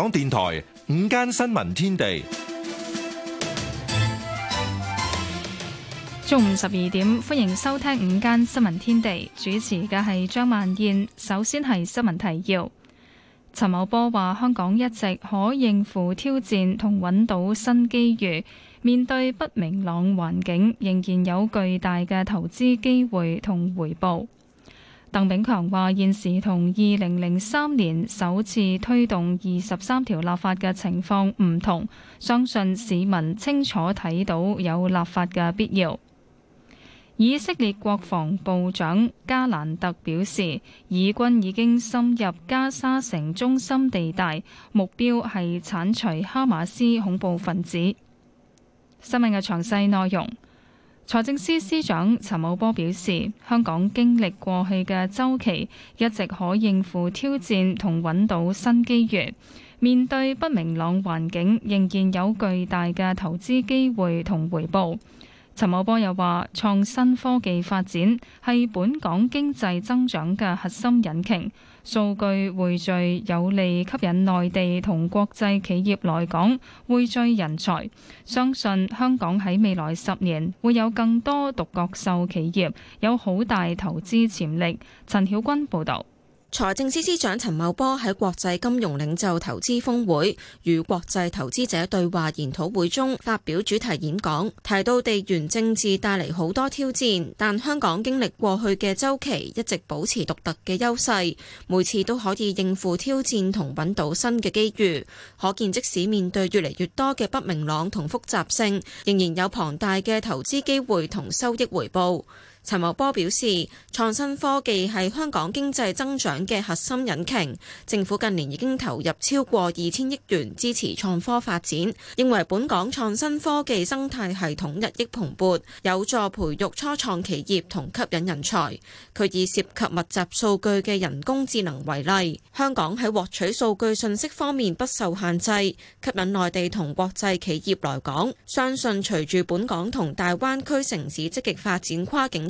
港電台午間新聞天地，中午十二點，歡迎收聽午間新聞天地，主持嘅係張曼燕。首先係新聞提要，陳茂波話香港一直可應付挑戰同揾到新機遇，面對不明朗環境，仍然有巨大嘅投資機會同回報。鄧炳強話：現時同二零零三年首次推動，二十三條立法嘅情況唔同，相信市民清楚睇到有立法嘅必要。以色列國防部長加蘭特表示，以軍已經深入加沙城中心地帶，目標係鏟除哈馬斯恐怖分子。新聞嘅詳細內容。財政司司長陳茂波表示，香港經歷過去嘅周期，一直可應付挑戰同揾到新機遇。面對不明朗環境，仍然有巨大嘅投資機會同回報。陳茂波又話：創新科技發展係本港經濟增長嘅核心引擎。數據匯聚有利吸引內地同國際企業來港匯聚人才，相信香港喺未來十年會有更多獨角獸企業，有好大投資潛力。陳曉君報導。財政司司長陳茂波喺國際金融領袖投資峰會與國際投資者對話研討會中發表主題演講，提到地緣政治帶嚟好多挑戰，但香港經歷過去嘅周期一直保持獨特、嘅優勢，每次都可以應付挑戰同揾到新嘅機遇。可見即使面對越嚟越多嘅不明朗同複雜性，仍然有龐大嘅投資機會同收益回報。陳茂波表示，創新科技係香港經濟增長嘅核心引擎。政府近年已經投入超過二千億元支持創科發展，認為本港創新科技生態系統日益蓬勃，有助培育初創企業同吸引人才。佢以涉及密集數據嘅人工智能為例，香港喺獲取數據信息方面不受限制，吸引內地同國際企業來港。相信隨住本港同大灣區城市積極發展跨境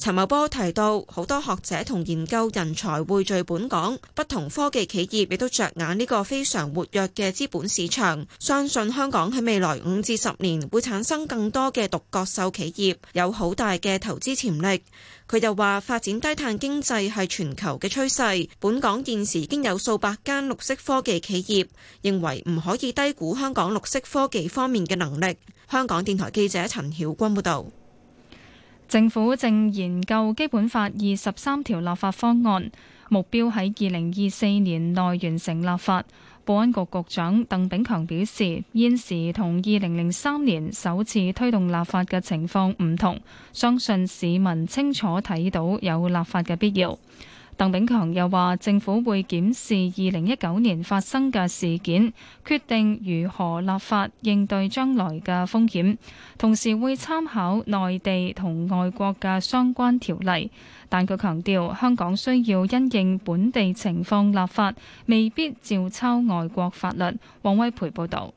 陳茂波提到，好多學者同研究人才匯聚本港，不同科技企業亦都着眼呢個非常活躍嘅資本市場，相信香港喺未來五至十年會產生更多嘅獨角獸企業，有好大嘅投資潛力。佢又話，發展低碳經濟係全球嘅趨勢，本港現時已經有數百間綠色科技企業，認為唔可以低估香港綠色科技方面嘅能力。香港電台記者陳曉君報導。政府正研究《基本法》二十三條立法方案，目標喺二零二四年內完成立法。保安局局長鄧炳強表示，現時同二零零三年首次推動立法嘅情況唔同，相信市民清楚睇到有立法嘅必要。鄧炳強又話，政府會檢視二零一九年發生嘅事件，決定如何立法應對將來嘅風險，同時會參考內地同外國嘅相關條例。但佢強調，香港需要因應本地情況立法，未必照抄外國法律。王威培報導。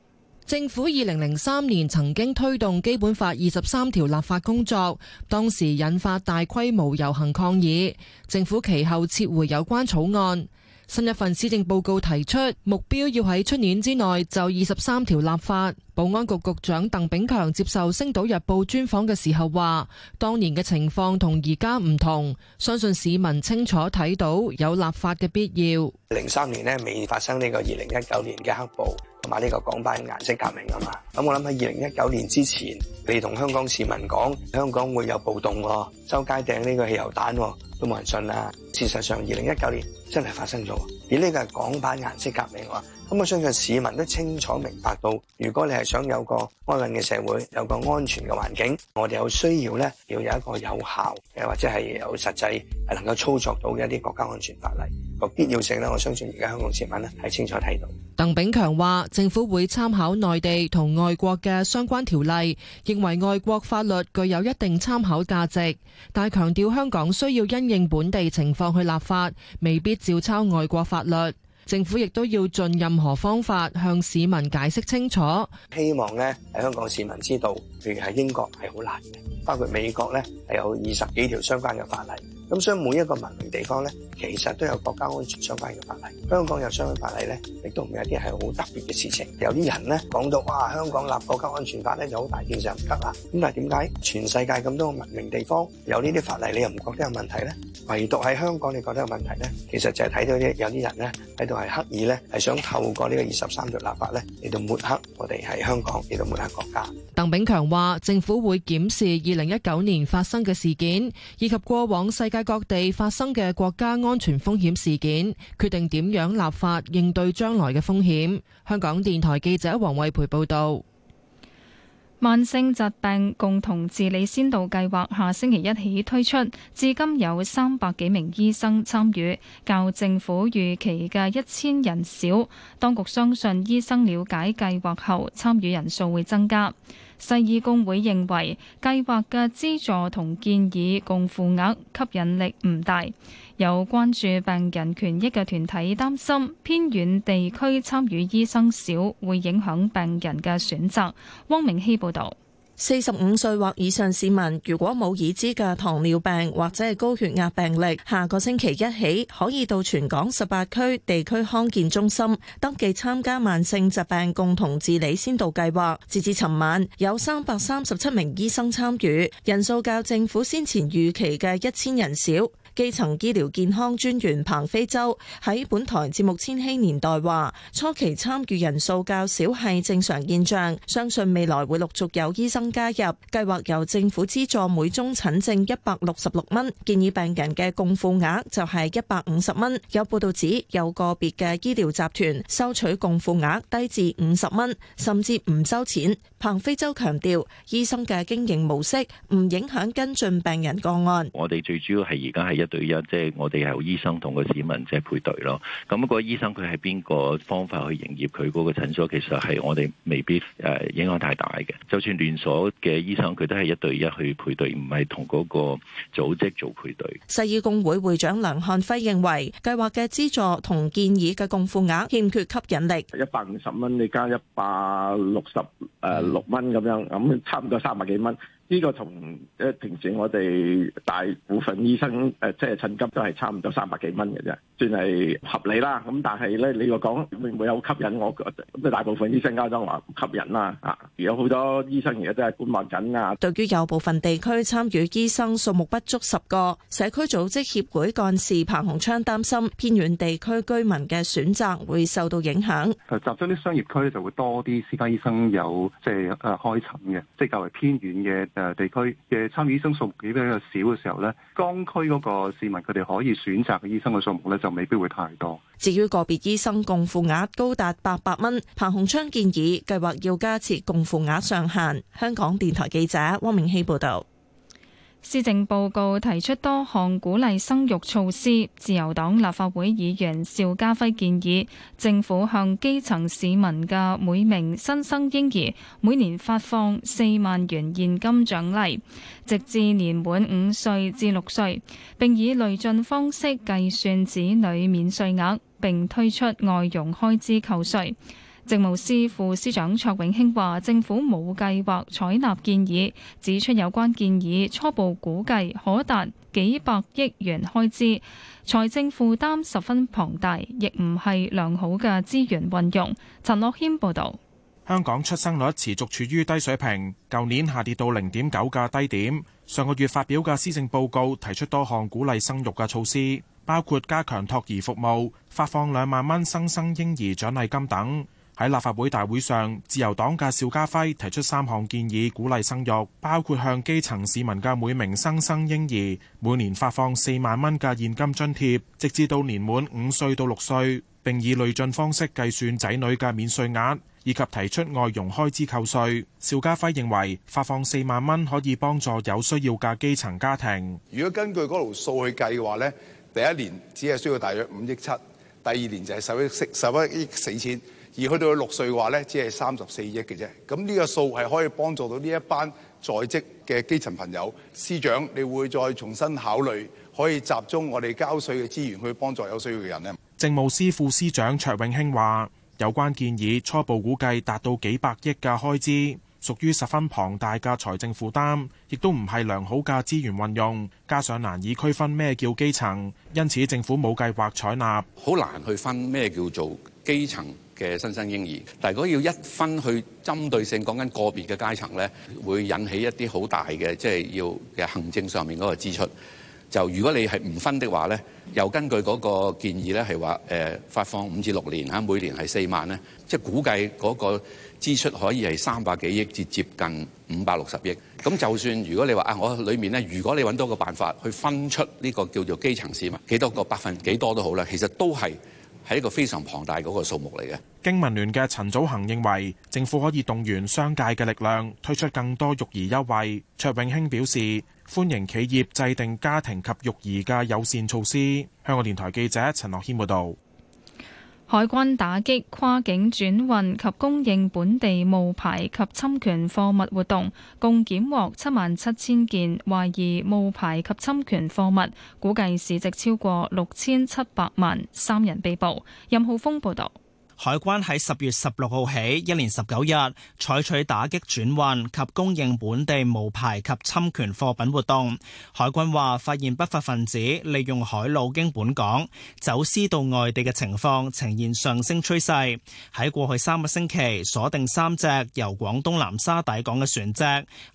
政府二零零三年曾經推動《基本法》二十三條立法工作，當時引發大規模遊行抗議。政府其後撤回有關草案。新一份施政報告提出目標，要喺出年之內就二十三條立法。保安局局長鄧炳強接受《星島日報》專訪嘅時候話：當年嘅情況同而家唔同，相信市民清楚睇到有立法嘅必要。零三年呢，未發生呢個二零一九年嘅黑暴。同埋呢個港版顏色革命啊嘛，咁我諗喺二零一九年之前，你同香港市民講，香港會有暴動喎、哦，周街掟呢個汽油彈喎、哦。都冇人信啦。事實上，二零一九年真係發生咗。而呢個係港版顏色革命嘅話，咁我相信市民都清楚明白到，如果你係想有個安穩嘅社會，有個安全嘅環境，我哋有需要咧，要有一個有效嘅，或者係有實際係能夠操作到嘅一啲國家安全法例個必要性咧。我相信而家香港市民咧係清楚睇到。鄧炳強話：政府會參考內地同外國嘅相關條例，認為外國法律具有一定參考價值，但係強調香港需要因應本地情況去立法，未必照抄外國法律。政府亦都要盡任何方法向市民解釋清楚，希望呢，喺香港市民知道。譬如喺英國係好難嘅，包括美國咧係有二十幾條相關嘅法例，咁所以每一個文明地方咧，其實都有國家安全相關嘅法例。香港有相關法例咧，亦都唔係一啲係好特別嘅事情。有啲人咧講到哇，香港立國家安全法咧就好大件事唔得啦。咁但係點解全世界咁多個文明地方有呢啲法例，你又唔覺得有問題咧？唯獨喺香港你覺得有問題咧？其實就係睇到啲有啲人咧喺度係刻意咧，係想透過呢個二十三條立法咧嚟到抹黑我哋係香港，嚟到抹黑國家。鄧炳強話政府會檢視二零一九年發生嘅事件，以及過往世界各地發生嘅國家安全風險事件，決定點樣立法應對將來嘅風險。香港電台記者黃慧培報道。慢性疾病共同治理先導計劃下星期一起推出，至今有三百幾名醫生參與，較政府預期嘅一千人少。當局相信醫生了解計劃後，參與人數會增加。西醫工會認為計劃嘅資助同建議共付額吸引力唔大，有關注病人權益嘅團體擔心偏遠地區參與醫生少，會影響病人嘅選擇。汪明希報導。四十五歲或以上市民，如果冇已知嘅糖尿病或者係高血壓病歷，下個星期一起可以到全港十八區地區康健中心登記參加慢性疾病共同治理先導計劃。截至尋晚，有三百三十七名醫生參與，人數較政府先前預期嘅一千人少。基層醫療健康專員彭飛洲喺本台節目《千禧年代》話，初期參與人數較少係正常現象，相信未來會陸續有醫生加入。計劃由政府資助每宗診症一百六十六蚊，建議病人嘅共付額就係一百五十蚊。有報道指有個別嘅醫療集團收取共付額低至五十蚊，甚至唔收錢。彭飛洲強調，醫生嘅經營模式唔影響跟進病人個案。我哋最主要係而家係。一對一，即係我哋係醫生同個市民即係配對咯。咁個醫生佢係邊個方法去營業？佢嗰個診所其實係我哋未必誒影響太大嘅。就算連鎖嘅醫生，佢都係一對一去配對，唔係同嗰個組織做配對。西醫工會會長梁漢輝認為，計劃嘅資助同建議嘅共付額欠缺吸引力。一百五十蚊，你加一百六十誒六蚊咁樣，咁差唔多三百幾蚊。呢個同誒平時我哋大部分醫生誒即係診金都係差唔多三百幾蚊嘅啫，算係合理啦。咁但係咧，你又講會唔會有吸引我？即大部分醫生家都話唔吸引啦。啊，有好多醫生而家都係觀望緊啊。對於有部分地區參與醫生數目不足十個，社區組織協會幹事彭鴻昌擔心偏遠地區居民嘅選擇會受到影響。集中啲商業區就會多啲私家醫生有即係誒開診嘅，即係較為偏遠嘅。誒，地區嘅參與醫生數目比較少嘅時候呢，江區嗰個市民佢哋可以選擇嘅醫生嘅數目呢，就未必會太多。至於個別醫生共付額高達八百蚊，彭洪昌建議計劃要加設共付額上限。香港電台記者汪明熙報道。施政報告提出多項鼓勵生育措施。自由黨立法會議員邵家輝建議政府向基層市民嘅每名新生嬰兒每年發放四萬元現金獎勵，直至年滿五歲至六歲，並以累進方式計算子女免稅額，並推出外傭開支扣稅。政務司副司長卓永興話，政府冇計劃採納建議，指出有關建議初步估計可達幾百億元開支，財政負擔十分龐大，亦唔係良好嘅資源運用。陳樂謙報道。香港出生率持續處於低水平，舊年下跌到零點九嘅低點。上個月發表嘅施政報告提出多項鼓勵生育嘅措施，包括加強托兒服務、發放兩萬蚊新生嬰兒獎勵金等。喺立法會大會上，自由黨嘅邵家輝提出三項建議，鼓勵生育，包括向基層市民嘅每名新生，生嬰兒每年發放四萬蚊嘅現金津貼，直至到年滿五歲到六歲，並以累進方式計算仔女嘅免稅額，以及提出外傭開支扣稅。邵家輝認為發放四萬蚊可以幫助有需要嘅基層家庭。如果根據嗰條數去計嘅話呢，第一年只係需要大約五億七，第二年就係十一億，十一億四千。而去到六歲嘅話，呢只係三十四億嘅啫。咁呢個數係可以幫助到呢一班在職嘅基層朋友。司長，你會再重新考慮可以集中我哋交稅嘅資源去幫助有需要嘅人呢？政務司副司長卓永興話，有關建議初步估計達到幾百億嘅開支，屬於十分龐大嘅財政負擔，亦都唔係良好嘅資源運用。加上難以區分咩叫基層，因此政府冇計劃採納，好難去分咩叫做基層。嘅新生嬰兒，但如果要一分去針對性講緊個別嘅階層呢，會引起一啲好大嘅，即係要嘅行政上面嗰個支出。就如果你係唔分的話呢，又根據嗰個建議呢，係話，誒、呃、發放五至六年嚇，每年係四萬呢，即係估計嗰個支出可以係三百幾億至接近五百六十億。咁就算如果你話啊，我裏面呢，如果你揾到個辦法去分出呢個叫做基層市民幾多個百分幾多都好啦，其實都係。係一個非常龐大嗰個數目嚟嘅。經民聯嘅陳祖恒認為政府可以動員商界嘅力量，推出更多育兒優惠。卓永興表示，歡迎企業制定家庭及育兒嘅友善措施。香港電台記者陳樂謙報道。海關打擊跨境轉運及供應本地冒牌及侵權貨物活動，共檢獲七萬七千件懷疑冒牌及侵權貨物，估計市值超過六千七百萬。三人被捕。任浩峰報導。海關喺十月十六號起，一連十九日採取打擊轉運及供應本地無牌及侵權貨品活動。海關話，發現不法分子利用海路經本港走私到外地嘅情況呈現上升趨勢。喺過去三個星期，鎖定三隻由廣東南沙抵港嘅船隻，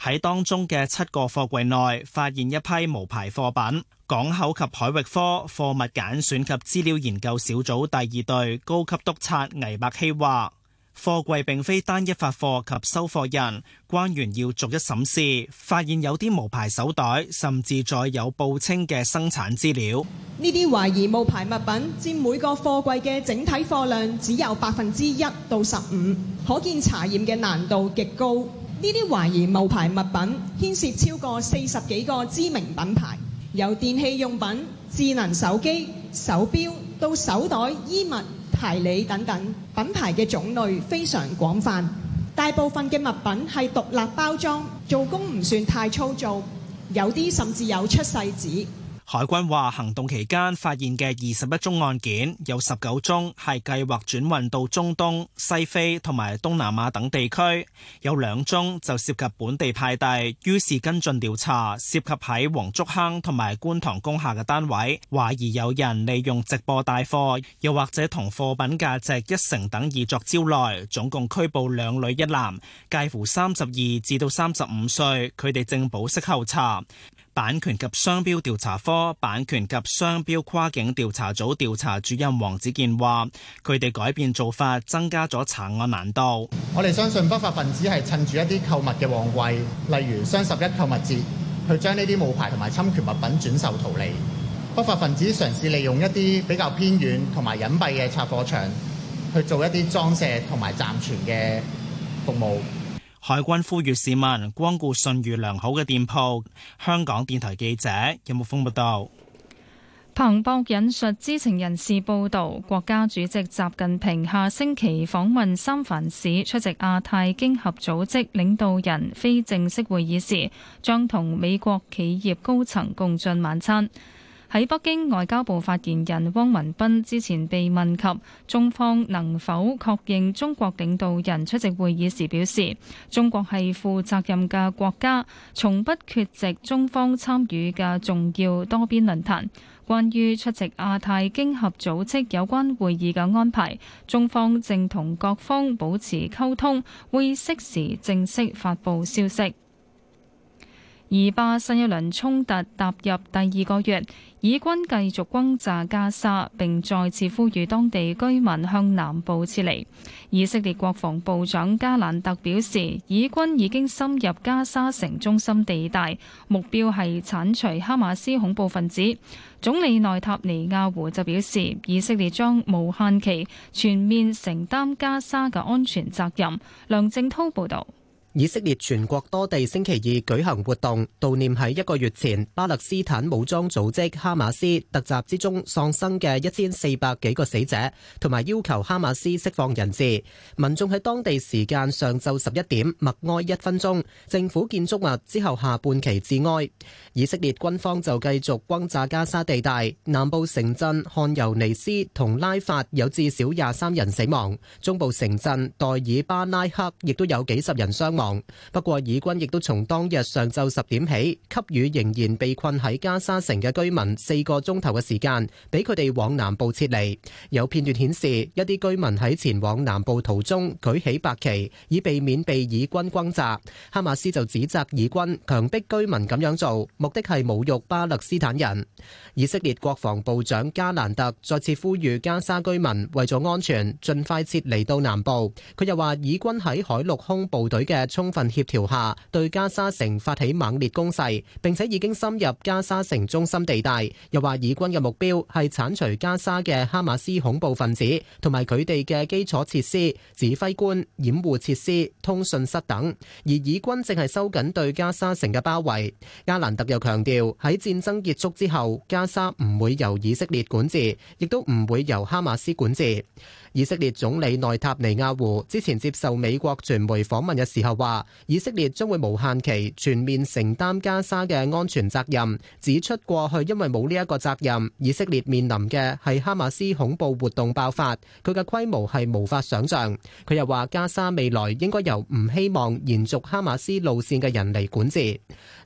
喺當中嘅七個貨櫃內發現一批無牌貨品。港口及海域科貨物揀選及資料研究小組第二隊高級督察倪伯希話：貨櫃並非單一發貨及收貨人，關員要逐一審視，發現有啲冒牌手袋，甚至載有報稱嘅生產資料。呢啲懷疑冒牌物品佔每個貨櫃嘅整體貨量只有百分之一到十五，可見查驗嘅難度極高。呢啲懷疑冒牌物品牽涉超過四十幾個知名品牌。由電器用品、智能手機、手錶到手袋、衣物、鞋履等等，品牌嘅種類非常廣泛。大部分嘅物品係獨立包裝，做工唔算太粗糙，有啲甚至有出世紙。海關話，行動期間發現嘅二十一宗案件，有十九宗係計劃轉運到中東、西非同埋東南亞等地區，有兩宗就涉及本地派遞，於是跟進調查，涉及喺黃竹坑同埋觀塘工廈嘅單位，懷疑有人利用直播帶貨，又或者同貨品價值一成等而作招徠，總共拘捕兩女一男，介乎三十二至到三十五歲，佢哋正保釋候查。版權及商標調查科版權及商標跨境調查組調查主任黃子健話，佢哋改變做法，增加咗查案難度。我哋相信不法分子係趁住一啲購物嘅旺季，例如雙十一購物節，去將呢啲冒牌同埋侵權物品轉售圖利。不法分子嘗試利用一啲比較偏遠同埋隱蔽嘅拆貨場，去做一啲裝卸同埋暫存嘅服務。海軍呼籲市民光顧信譽良好嘅店鋪。香港電台記者任木峯報道。彭博引述知情人士報道，國家主席習近平下星期訪問三藩市，出席亞太經合組織領導人非正式會議時，將同美國企業高層共進晚餐。喺北京外交部發言人汪文斌之前被問及中方能否確認中國領導人出席會議時表示，中國係負責任嘅國家，從不缺席中方參與嘅重要多邊論壇。關於出席亞太經合組織有關會議嘅安排，中方正同各方保持溝通，會適時正式發布消息。而新一輪衝突踏入第二個月，以軍繼續轟炸加沙，並再次呼籲當地居民向南部撤離。以色列國防部長加蘭特表示，以軍已經深入加沙城中心地帶，目標係剷除哈馬斯恐怖分子。總理內塔尼亞胡就表示，以色列將無限期全面承擔加沙嘅安全責任。梁正滔報導。以色列全國多地星期二舉行活動，悼念喺一個月前巴勒斯坦武裝組織哈馬斯突襲之中喪生嘅一千四百幾個死者，同埋要求哈馬斯釋放人質。民眾喺當地時間上晝十一點默哀一分鐘，政府建築物之後下半旗致哀。以色列軍方就繼續轟炸加沙地帶南部城鎮汗尤尼斯同拉法，有至少廿三人死亡；中部城鎮代爾巴拉克亦都有幾十人傷亡。不過以軍亦都從當日上晝十點起，給予仍然被困喺加沙城嘅居民四個鐘頭嘅時間，俾佢哋往南部撤離。有片段顯示，一啲居民喺前往南部途中舉起白旗，以避免被以軍轟炸。哈馬斯就指責以軍強迫居民咁樣做，目的係侮辱巴勒斯坦人。以色列國防部長加蘭特再次呼籲加沙居民為咗安全，盡快撤離到南部。佢又話，以軍喺海陸空部隊嘅。充分協調下，對加沙城發起猛烈攻勢，並且已經深入加沙城中心地帶，又話以軍嘅目標係鏟除加沙嘅哈馬斯恐怖分子同埋佢哋嘅基礎設施、指揮官掩護設施、通訊室等。而以軍正係收緊對加沙城嘅包圍，加蘭特又強調喺戰爭結束之後加沙唔會由以色列管治，亦都唔會由哈馬斯管治。以色列總理內塔尼亞胡之前接受美國傳媒訪問嘅時候。話以色列將會無限期全面承擔加沙嘅安全責任，指出過去因為冇呢一個責任，以色列面臨嘅係哈馬斯恐怖活動爆發，佢嘅規模係無法想象。佢又話加沙未來應該由唔希望延續哈馬斯路線嘅人嚟管治。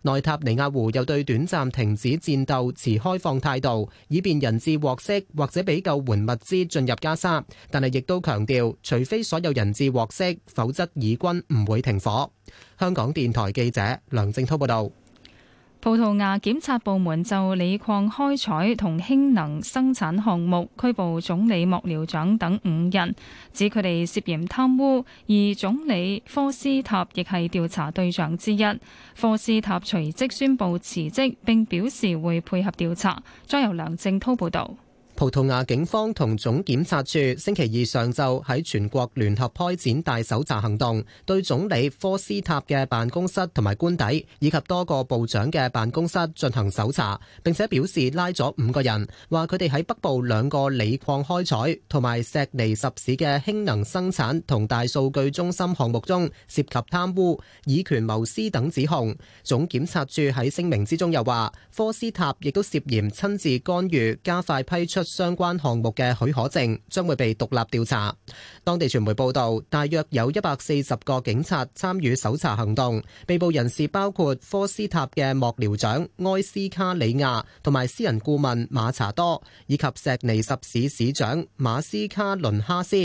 內塔尼亞胡又對短暫停止戰鬥持開放態度，以便人質獲釋或者俾救援物資進入加沙，但係亦都強調，除非所有人質獲釋，否則以軍唔會停火。香港電台記者梁正滔報道。葡萄牙檢察部門就鋰礦開採同氫能生產項目拘捕總理幕僚長等五人，指佢哋涉嫌貪污，而總理科斯塔亦係調查對象之一。科斯塔隨即宣布辭職，並表示會配合調查。再由梁正滔報導。葡萄牙警方同總檢察處星期二上晝喺全國聯合開展大搜查行動，對總理科斯塔嘅辦公室同埋官邸，以及多個部長嘅辦公室進行搜查，並且表示拉咗五個人，話佢哋喺北部兩個鋰礦開採同埋石尼什市嘅氫能生產同大數據中心項目中涉及貪污、以權謀私等指控。總檢察處喺聲明之中又話，科斯塔亦都涉嫌親自干預，加快批出。相關項目嘅許可證將會被獨立調查。當地傳媒報道，大約有一百四十個警察參與搜查行動，被捕人士包括科斯塔嘅幕僚長埃斯卡里亞，同埋私人顧問馬查多，以及石尼十市市長馬斯卡倫哈斯，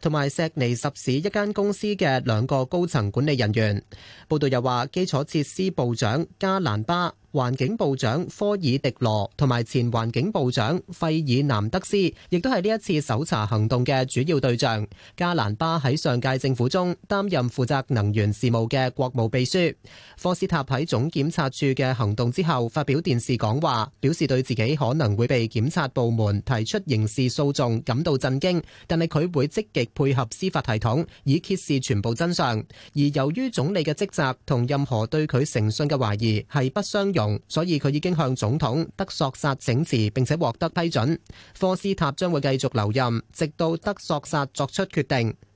同埋石尼十市一間公司嘅兩個高層管理人員。報道又話，基礎設施部長加蘭巴。環境部長科爾迪羅同埋前環境部長費爾南德斯亦都係呢一次搜查行動嘅主要對象。加蘭巴喺上屆政府中擔任負責能源事務嘅國務秘書。科斯塔喺總檢察處嘅行動之後發表電視講話表示對自己可能會被檢察部門提出刑事訴訟感到震驚，但係佢會積極配合司法系統以揭示全部真相。而由於總理嘅職責同任何對佢誠信嘅懷疑係不相容，所以佢已經向總統德索薩請辭，並且獲得批准。科斯塔將會繼續留任，直到德索薩作出決定。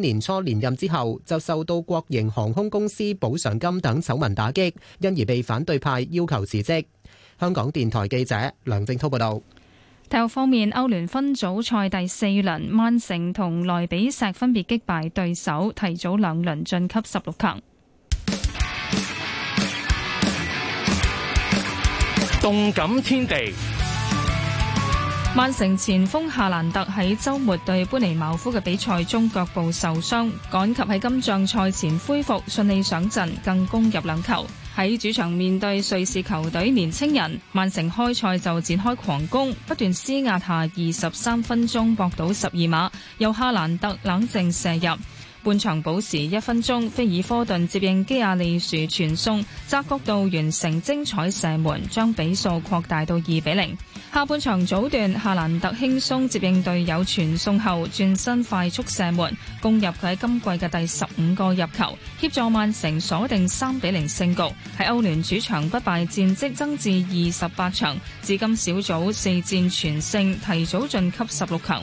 年初連任之後，就受到國營航空公司補償金等醜聞打擊，因而被反對派要求辭職。香港電台記者梁正濤報道。體育方面，歐聯分組賽第四輪，曼城同萊比錫分別擊敗對手，提早兩輪晉級十六強。動感天地。曼城前鋒夏蘭特喺周末對班尼茅夫嘅比賽中腳部受傷，趕及喺今場賽前恢復順利上陣，更攻入兩球。喺主場面對瑞士球隊年青人，曼城開賽就展開狂攻，不斷施壓下二十三分鐘博到十二碼，由夏蘭特冷靜射入。半場補時一分鐘，菲爾科頓接應基亞利樹傳送，側角度完成精彩射門，將比數擴大到二比零。下半場早段，夏蘭特輕鬆接應隊友傳送後轉身快速射門，攻入佢喺今季嘅第十五個入球，協助曼城鎖定三比零勝局，喺歐聯主場不敗戰績增至二十八場，至今小組四戰全勝，提早晉級十六強。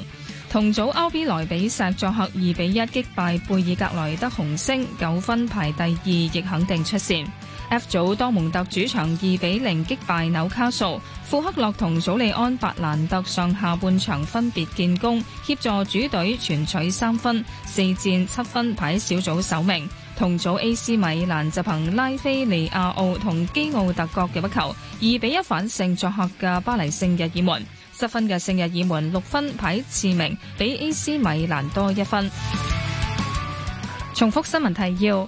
同組 RB 萊比錫作客二比一擊敗貝爾格萊德紅星，九分排第二，亦肯定出線。F 組多蒙特主場二比零擊敗紐卡素，庫克洛同祖利安·白蘭特上下半場分別建功，協助主隊全取三分，四戰七分排小組首名。同組 A.C. 米蘭就憑拉菲尼亞奧同基奧特角嘅不球，二比一反勝作客嘅巴黎聖日爾門，七分嘅聖日爾門六分排次名，比 A.C. 米蘭多一分。重複新聞提要。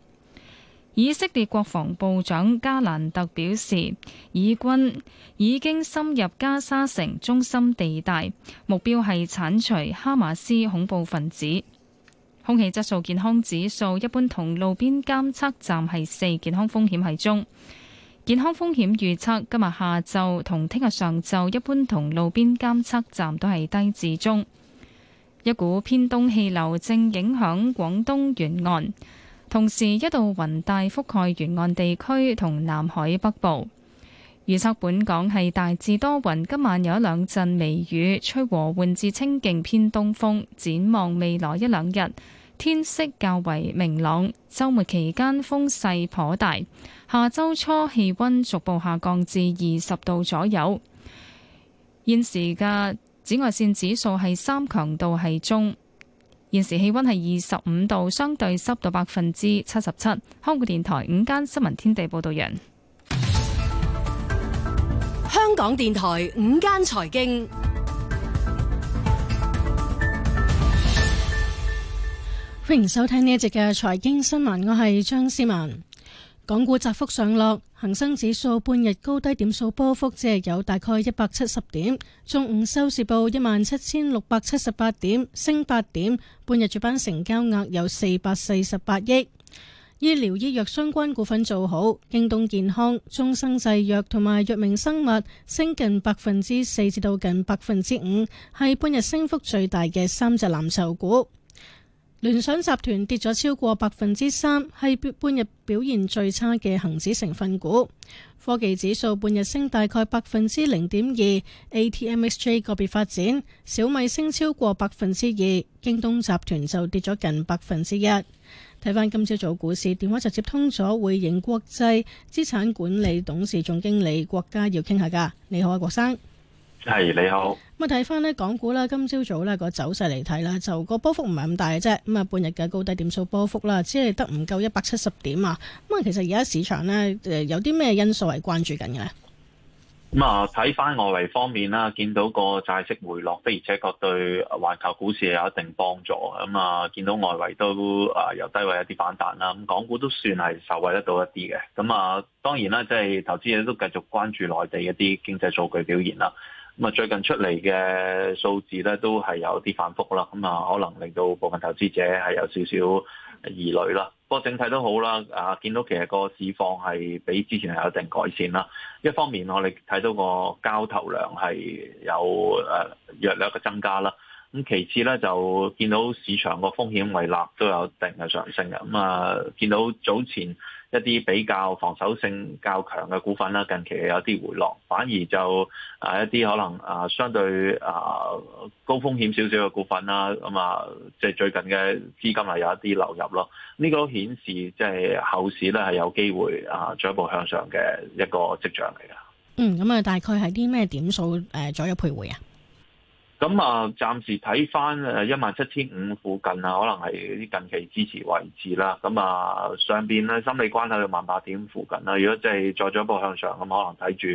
以色列國防部長加蘭特表示，以軍已經深入加沙城中心地帶，目標係鏟除哈馬斯恐怖分子。空氣質素健康指數一般同路邊監測站係四，健康風險係中。健康風險預測今日下晝同聽日上晝一般同路邊監測站都係低至中。一股偏東氣流正影響廣東沿岸。同時，一道雲帶覆蓋沿岸地區同南海北部。預測本港係大致多雲，今晚有一兩陣微雨，吹和緩至清勁偏東風。展望未來一兩日，天色較為明朗。週末期間風勢頗大。下周初氣温逐步下降至二十度左右。現時嘅紫外線指數係三，強度係中。現時氣溫係二十五度，相對濕度百分之七十七。香港電台午間新聞天地報道員。香港電台午間財經，歡迎收聽呢一節嘅財經新聞，我係張思文。港股窄幅上落。恒生指數半日高低點數波幅只係有大概一百七十點，中午收市報一萬七千六百七十八點，升八點。半日主板成交額有四百四十八億。醫療醫藥相關股份做好，京東健康、中生製藥同埋藥明生物升近百分之四至到近百分之五，係半日升幅最大嘅三隻藍籌股。聯想集團跌咗超過百分之三，係半日表現最差嘅恒指成分股。科技指數半日升大概百分之零點二。ATMXJ 個別發展，小米升超過百分之二，京東集團就跌咗近百分之一。睇翻今朝早股市，電話就接通咗匯盈國際資產管理董事總經理郭家。要傾下噶。你好啊，郭生。係你好，咁啊睇翻咧港股啦。今朝早咧個走勢嚟睇啦，就個波幅唔係咁大嘅啫。咁啊半日嘅高低點數波幅啦，只係得唔夠一百七十點啊。咁啊其實而家市場咧誒有啲咩因素係關注緊嘅咧？咁啊睇翻外圍方面啦，見到個債息回落，的而且確對環球股市有一定幫助。咁啊見到外圍都啊由低位一啲反彈啦，咁港股都算係受惠得到一啲嘅。咁啊當然啦，即係投資者都繼續關注內地一啲經濟數據表現啦。咁啊，最近出嚟嘅數字咧，都係有啲反覆啦。咁啊，可能令到部分投資者係有少少疑慮啦。不過整體都好啦。啊，見到其實個市況係比之前係有一定改善啦。一方面我哋睇到個交投量係有誒、啊、弱略嘅增加啦。咁其次咧就見到市場個風險胃納都有一定嘅上升嘅。咁啊，見到早前一啲比較防守性較強嘅股份啦，近期有啲回落，反而就啊一啲可能啊相對啊高風險少少嘅股份啦，咁啊即係最近嘅資金係有一啲流入咯。呢個都顯示即係後市咧係有機會啊進一步向上嘅一個跡象嚟㗎。嗯，咁啊大概係啲咩點數誒左右徘徊啊？咁啊，暫時睇翻誒一萬七千五附近啊，可能係啲近期支持位置啦。咁啊，上邊咧心理關口喺到萬八點附近啦。如果即係再進一步向上，咁可能睇住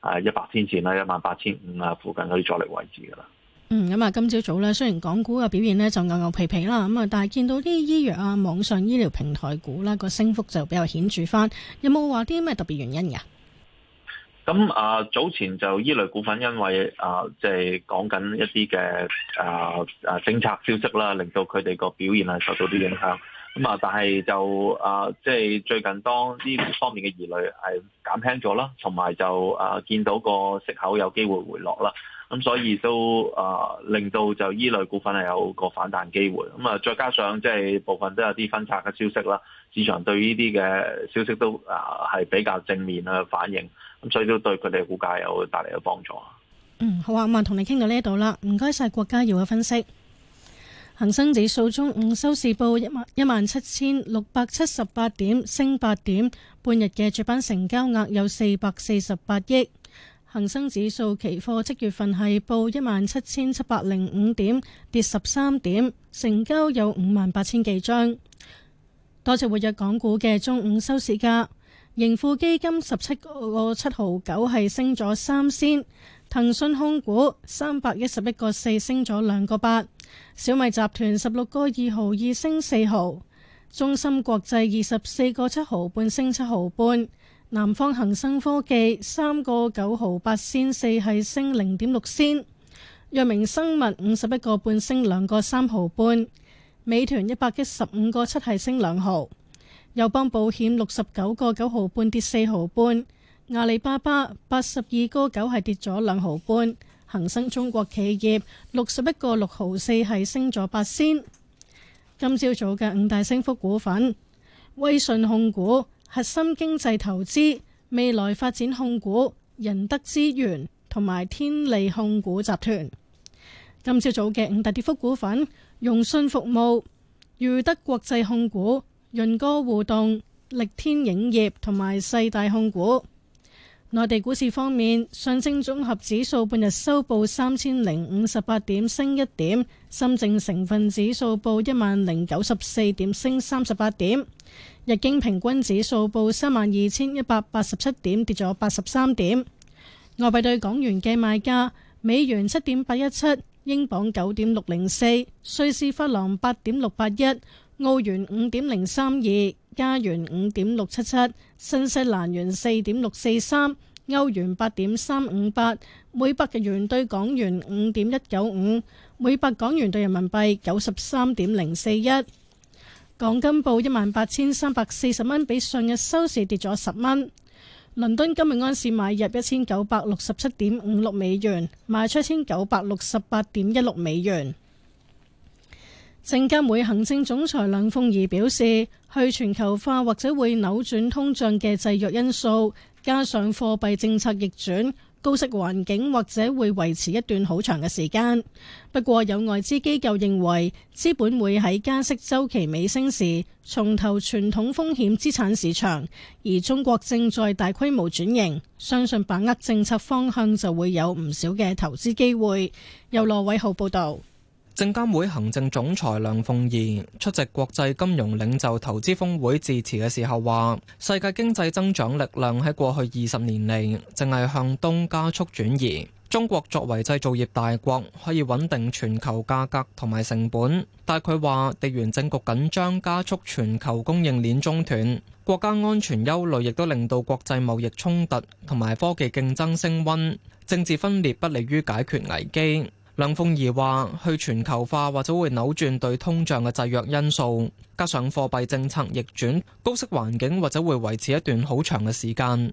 誒一百天線啦、一萬八千五啊附近嗰啲阻力位置噶啦。嗯，咁啊，今朝早咧雖然港股嘅表現咧就牛牛皮皮啦，咁啊，但係見到啲醫藥啊、網上醫療平台股啦個升幅就比較顯著翻。有冇話啲咩特別原因㗎？咁啊，早前就呢類股份因為啊，即係講緊一啲嘅啊啊政策消息啦，令到佢哋個表現係受到啲影響。咁啊，但係就啊，即係最近當呢方面嘅疑慮係減輕咗啦，同埋就啊見到個息口有機會回落啦。咁所以都啊，令到就呢類股份係有個反彈機會。咁啊，再加上即係部分都有啲分拆嘅消息啦，市場對呢啲嘅消息都啊係比較正面嘅反應。咁所以都對佢哋股價有帶嚟嘅幫助。嗯，好啊，咁、嗯、啊，同你傾到呢度啦，唔該晒郭家耀嘅分析。恒生指數中午收市報一萬一萬七千六百七十八點，升八點。半日嘅主板成交額有四百四十八億。恒生指數期貨即月份係報一萬七千七百零五點，跌十三點，成交有五萬八千幾張。多謝活躍港股嘅中午收市價。盈富基金十七個七毫九係升咗三仙，騰訊控股三百一十一個四升咗兩個八，小米集團十六個二毫二升四毫，中芯國際二十四個七毫半升七毫半，南方恒生科技三個九毫八仙四係升零點六仙，藥明生物五十一個半升兩個三毫半，美團一百一十五個七係升兩毫。友邦保險六十九個九毫半跌四毫半，阿里巴巴八十二個九係跌咗兩毫半，恒生中國企業六十一個六毫四係升咗八仙。今朝早嘅五大升幅股份：威信控股、核心經濟投資、未來發展控股、仁德資源同埋天利控股集團。今朝早嘅五大跌幅股份：融信服務、裕德國際控股。潤哥互動、力天影業同埋世大控股。內地股市方面，上證綜合指數半日收報三千零五十八點，升一點；深證成分指數報一萬零九十四點，升三十八點；日經平均指數報三萬二千一百八十七點，跌咗八十三點。外幣對港元嘅賣價：美元七點八一七，英鎊九點六零四，瑞士法郎八點六八一。澳元五點零三二，加元五點六七七，新西蘭元四點六四三，歐元八點三五八，每百日元兌港元五點一九五，每百港元兌人民幣九十三點零四一。港金報一萬八千三百四十蚊，比上日收市跌咗十蚊。倫敦今日安市買入一千九百六十七點五六美元，賣出一千九百六十八點一六美元。證監會行政總裁梁鳳儀表示，去全球化或者會扭轉通脹嘅制約因素，加上貨幣政策逆轉，高息環境或者會維持一段好長嘅時間。不過，有外資機構認為，資本會喺加息周期尾聲時重投傳統風險資產市場，而中國正在大規模轉型，相信把握政策方向就會有唔少嘅投資機會。由羅偉豪報道。證監會行政總裁梁鳳儀出席國際金融領袖投資峰會致辭嘅時候話，世界經濟增長力量喺過去二十年嚟，淨係向東加速轉移。中國作為製造業大國，可以穩定全球價格同埋成本。但係佢話，地緣政局緊張加速全球供應鏈中斷，國家安全憂慮亦都令到國際貿易衝突同埋科技競爭升溫，政治分裂不利於解決危機。梁鳳儀話：去全球化或者會扭轉對通脹嘅制約因素，加上貨幣政策逆轉，高息環境或者會維持一段好長嘅時間。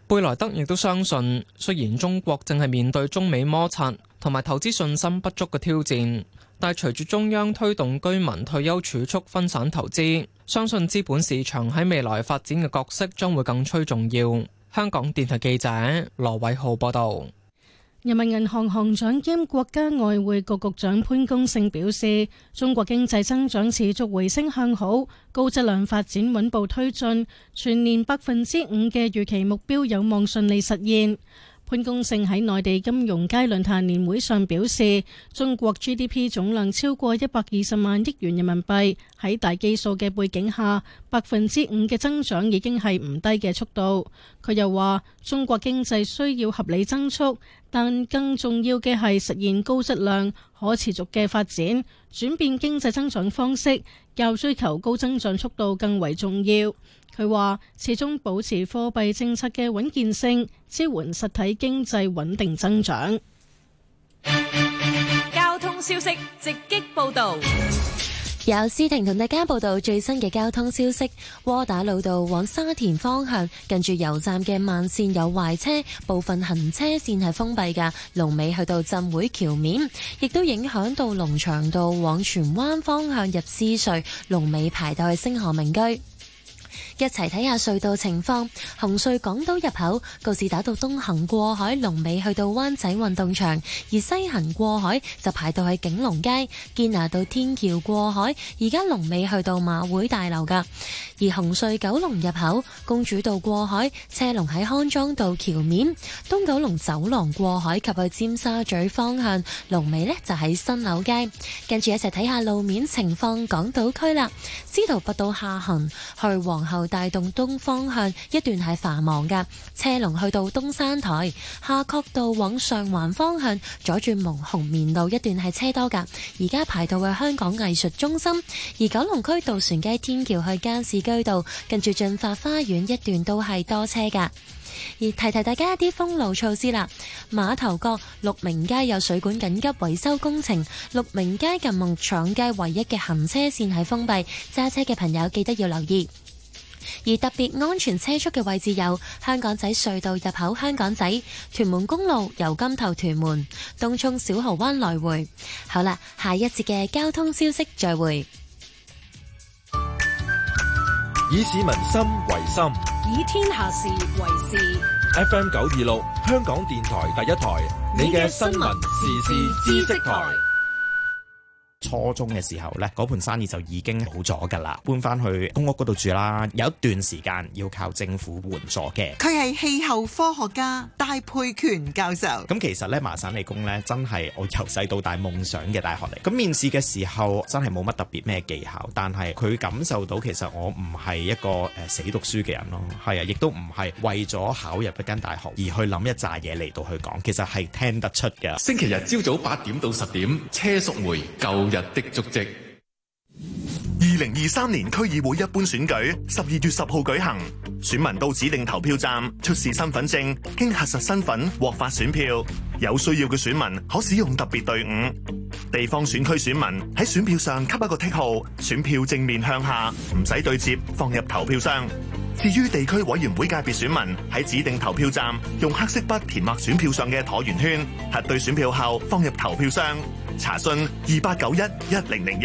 貝萊德亦都相信，雖然中國正係面對中美摩擦同埋投資信心不足嘅挑戰，但係隨住中央推動居民退休儲蓄分散投資，相信資本市場喺未來發展嘅角色將會更趨重要。香港電台記者羅偉浩報道。人民銀行行長兼國家外匯局局長潘功勝表示，中國經濟增長持續回升向好，高質量發展穩步推進，全年百分之五嘅預期目標有望順利實現。潘功勝喺內地金融街論壇年會上表示，中國 GDP 總量超過一百二十萬億元人民幣，喺大基數嘅背景下，百分之五嘅增長已經係唔低嘅速度。佢又話，中國經濟需要合理增速，但更重要嘅係實現高質量。可持續嘅發展，轉變經濟增長方式，較追求高增長速度，更為重要。佢話：始終保持貨幣政策嘅穩健性，支援實體經濟穩定增長。交通消息直擊報導。由思婷同大家報道最新嘅交通消息。窩打老道往沙田方向近住油站嘅慢綫有壞車，部分行車綫係封閉噶。龍尾去到浸會橋面，亦都影響到龍翔道往荃灣方向入獅隧，龍尾排到去星河名居。一齊睇下隧道情況，紅隧港島入口告士打道東行過海，龍尾去到灣仔運動場；而西行過海就排到去景隆街、堅拿道天橋過海。而家龍尾去到馬會大樓噶。而紅隧九龍入口公主道過海車龍喺康莊道橋面，東九龍走廊過海及去尖沙咀方向龍尾呢就喺新柳街。跟住一齊睇下路面情況，港島區啦，司徒拔道到下行去黃。後帶動東方向一段係繁忙嘅車龍，去到東山台下。曲道往上環方向左轉蒙紅棉路一段係車多噶。而家排到去香港藝術中心。而九龍區渡船街天橋去加士居道，近住進發花園一段都係多車噶。而提提大家一啲封路措施啦，碼頭角鹿鳴街有水管緊急維修工程，鹿鳴街近木廠街唯一嘅行車線係封閉，揸車嘅朋友記得要留意。而特別安全車速嘅位置有香港仔隧道入口、香港仔、屯門公路、油柑頭、屯門、東涌小蠔灣來回。好啦，下一節嘅交通消息再會。以市民心為心，以天下事為事。FM 九二六，香港電台第一台，你嘅新聞時事知識台。初中嘅時候呢，嗰盤生意就已經冇咗噶啦，搬翻去公屋嗰度住啦。有一段時間要靠政府援助嘅。佢係氣候科學家戴佩權教授。咁其實呢，麻省理工呢，真係我由細到大夢想嘅大學嚟。咁面試嘅時候，真係冇乜特別咩技巧，但係佢感受到其實我唔係一個誒、呃、死讀書嘅人咯。係啊，亦都唔係為咗考入一間大學而去諗一扎嘢嚟到去講。其實係聽得出嘅。星期日朝早八點到十點，車淑梅就。日的足跡。二零二三年區議會一般選舉十二月十號舉行，選民到指定投票站出示身份證，經核實身份獲發選票。有需要嘅選民可使用特別隊伍。地方選區選民喺選票上給一個剔號，選票正面向下，唔使對接，放入投票箱。至於地區委員會界別選民喺指定投票站用黑色筆填滿選票上嘅橢圓圈，核對選票後放入投票箱。查詢二八九一一零零一。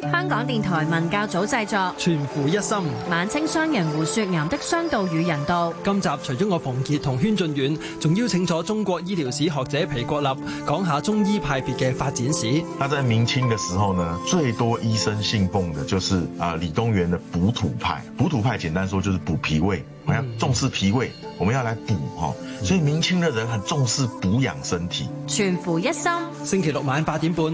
香港電台文教組製作。全乎一心。晚清商人胡雪岩的商道與人道。今集除咗我馮杰同軒俊遠，仲邀請咗中國醫療史學者皮國立講下中醫派別嘅發展史。他在明清嘅時候呢，最多醫生信奉嘅就是啊李東垣嘅補土派。補土派簡單說就是補脾胃。我們要重視脾胃，我們要來補哈，所以明清的人很重視補養身體，全福一生，星期六晚八點半。